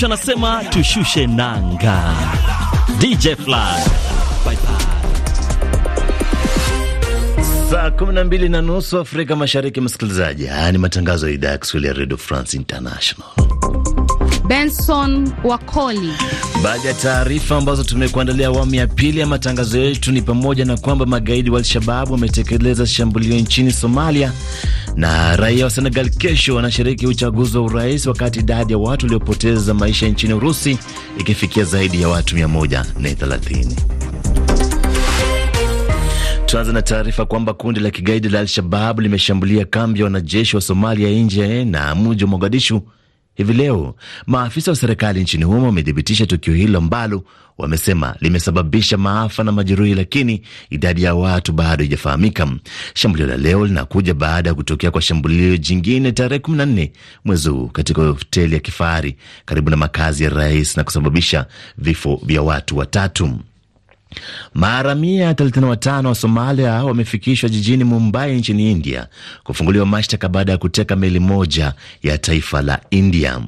Mrisho anasema tushushe nanga. DJ Fly. Bye bye. Saa 12 na na nusu Afrika Mashariki, msikilizaji. Haya ni matangazo ya idhaa ya Kiswahili ya Radio France International. Benson Wakoli. Baadhi ya taarifa ambazo tumekuandalia awamu ya pili ya matangazo yetu ni pamoja na kwamba magaidi wa Al-Shababu wametekeleza shambulio nchini Somalia, na raia wa Senegal kesho wanashiriki uchaguzi wa urais, wakati idadi ya watu waliopoteza maisha nchini Urusi ikifikia zaidi ya watu 130. Tuanza na taarifa kwamba kundi la kigaidi la Al-Shabaab limeshambulia kambi ya wanajeshi wa Somalia nje na mji wa Mogadishu Hivi leo maafisa wa serikali nchini humo wamethibitisha tukio hilo ambalo wamesema limesababisha maafa na majeruhi, lakini idadi ya watu bado haijafahamika. Shambulio la leo linakuja baada ya kutokea kwa shambulio jingine tarehe 14 mwezi huu katika hoteli ya kifahari karibu na makazi ya rais na kusababisha vifo vya watu watatu. Maharamia 35 wa Somalia wamefikishwa jijini Mumbai nchini India kufunguliwa mashtaka baada ya kuteka meli moja ya taifa la India.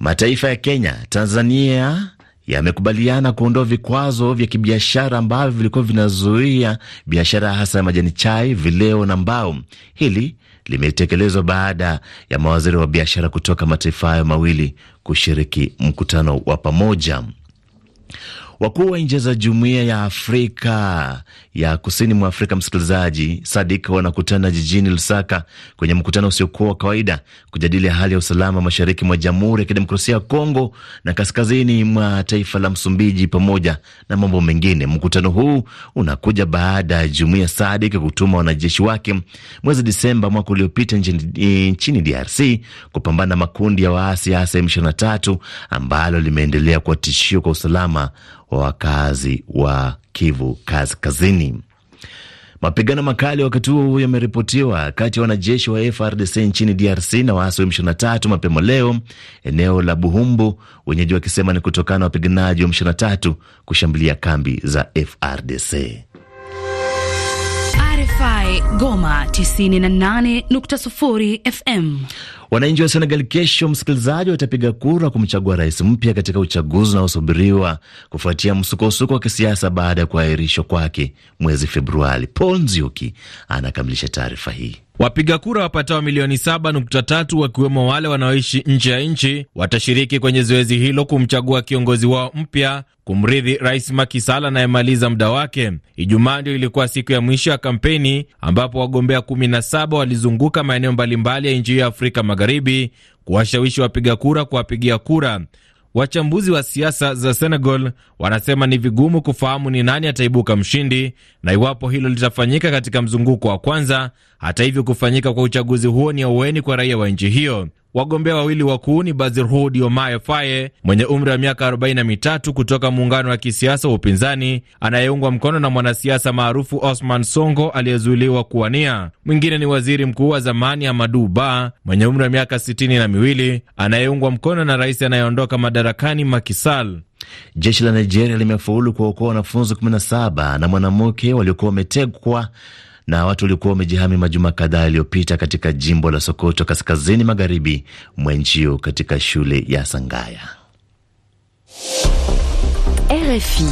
Mataifa ya Kenya, Tanzania yamekubaliana kuondoa vikwazo vya kibiashara ambavyo vilikuwa vinazuia biashara hasa ya majani chai, vileo na mbao. Hili limetekelezwa baada ya mawaziri wa biashara kutoka mataifa hayo mawili kushiriki mkutano wa pamoja. Wakuu wa nchi za Jumuiya ya Afrika ya Kusini mwa Afrika, msikilizaji, Sadik wanakutana jijini Lusaka kwenye mkutano usiokuwa wa kawaida kujadili hali ya usalama mashariki mwa Jamhuri ya Kidemokrasia ya Kongo na kaskazini mwa taifa la Msumbiji pamoja na mambo mengine. Mkutano huu unakuja baada ya jumuiya Sadik kutuma wanajeshi wake mwezi Disemba mwaka uliopita nchini DRC kupambana makundi ya waasi hasa M23 ambalo limeendelea kuwa tishio kwa usalama wa wakazi wa Kivu Kaskazini. Mapigano makali wakati huo huo yameripotiwa kati ya wanajeshi wa FRDC nchini DRC na waasi wa M23 mapema leo eneo la Buhumbu, wenyeji wakisema ni kutokana na wapiganaji wa M23 kushambulia kambi za FRDC. RFI Goma 98.0 FM. Wananchi wa Senegal kesho, msikilizaji, watapiga kura kumchagua rais mpya katika uchaguzi unaosubiriwa kufuatia msukosuko wa kisiasa baada ya kuahirishwa kwake mwezi Februari. Paul Nzioki anakamilisha taarifa hii. Wapiga kura wapatao milioni 7.3 wakiwemo wale wanaoishi nje ya nchi watashiriki kwenye zoezi hilo kumchagua kiongozi wao mpya kumrithi Rais Macky Sall anayemaliza muda wake. Ijumaa ndio ilikuwa siku ya mwisho ya kampeni ambapo wagombea 17 walizunguka maeneo mbalimbali ya nchi hiyo ya Afrika magharibi kuwashawishi wapiga kura kuwapigia kura. Wachambuzi wa siasa za Senegal wanasema ni vigumu kufahamu ni nani ataibuka mshindi na iwapo hilo litafanyika katika mzunguko wa kwanza. Hata hivyo, kufanyika kwa uchaguzi huo ni aueni kwa raia wa nchi hiyo. Wagombea wawili wakuu ni Bazirhudi Diomaye Faye mwenye umri wa miaka 43 kutoka muungano wa kisiasa wa upinzani anayeungwa mkono na mwanasiasa maarufu Osman Songo aliyezuiliwa kuwania. Mwingine ni waziri mkuu wa zamani Amadu Ba mwenye umri wa miaka 6 na miwili anayeungwa mkono na rais anayeondoka madarakani makisal Jeshi la Nigeria limefaulu kuwaokoa wanafunzi 17 na mwanamke waliokuwa wametekwa na watu waliokuwa wamejihami majuma kadhaa yaliyopita katika jimbo la Sokoto kaskazini magharibi mwa nchi hiyo katika shule ya Sangaya. RFI.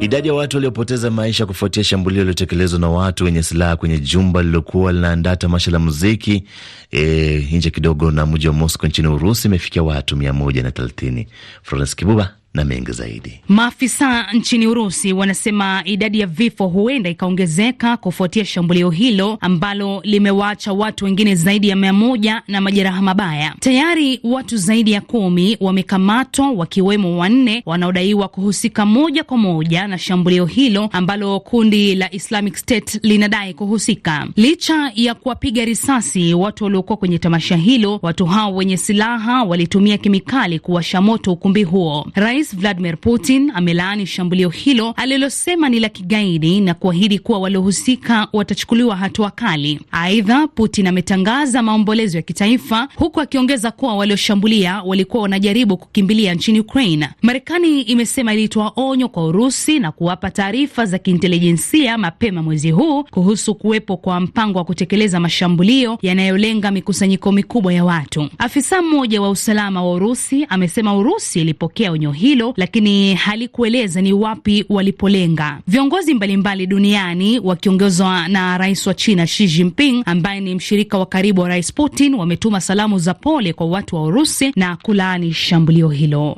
Idadi ya watu waliopoteza maisha kufuatia shambulio lililotekelezwa na watu wenye silaha kwenye jumba lililokuwa linaandaa tamasha la muziki e, nje kidogo na mji wa Moscow nchini Urusi imefikia watu 130. Florence Kibuba na mengi zaidi. Maafisa nchini Urusi wanasema idadi ya vifo huenda ikaongezeka kufuatia shambulio hilo ambalo limewaacha watu wengine zaidi ya mia moja na majeraha mabaya. Tayari watu zaidi ya kumi wamekamatwa wakiwemo wanne wanaodaiwa kuhusika moja kwa moja na shambulio hilo ambalo kundi la Islamic State linadai kuhusika. Licha ya kuwapiga risasi watu waliokuwa kwenye tamasha hilo, watu hao wenye silaha walitumia kemikali kuwasha moto ukumbi huo. Rai Rais Vladimir Putin amelaani shambulio hilo alilosema ni la kigaidi na kuahidi kuwa waliohusika watachukuliwa hatua kali. Aidha, Putin ametangaza maombolezo ya kitaifa huku akiongeza kuwa walioshambulia walikuwa wanajaribu kukimbilia nchini Ukraine. Marekani imesema ilitoa onyo kwa Urusi na kuwapa taarifa za kiintelijensia mapema mwezi huu kuhusu kuwepo kwa mpango wa kutekeleza mashambulio yanayolenga mikusanyiko mikubwa ya watu. Afisa mmoja wa usalama wa Urusi amesema Urusi ilipokea onyo hilo hilo, lakini halikueleza ni wapi walipolenga. Viongozi mbalimbali duniani wakiongozwa na rais wa China Xi Jinping ambaye ni mshirika wa karibu wa rais Putin wametuma salamu za pole kwa watu wa Urusi na kulaani shambulio hilo.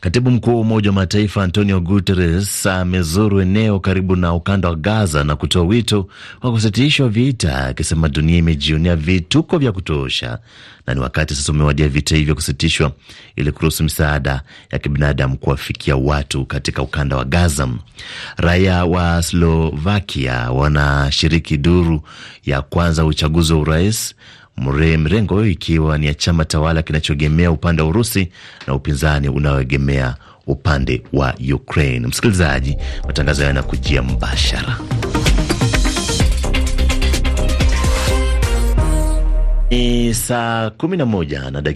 Katibu mkuu wa Umoja wa Mataifa Antonio Guterres amezuru eneo karibu na ukanda wa Gaza na kutoa wito wa kusitishwa vita, akisema dunia imejionea vituko vya kutosha na ni wakati sasa umewadia vita hivyo kusitishwa ili kuruhusu misaada ya kibinadamu kuwafikia watu katika ukanda wa Gaza. Raia wa Slovakia wanashiriki duru ya kwanza uchaguzi wa urais mrengo ikiwa ni ya chama tawala kinachoegemea upande wa Urusi na upinzani unaoegemea upande wa Ukraine. Msikilizaji, matangazo hayo yanakujia mbashara. Ni saa 11 na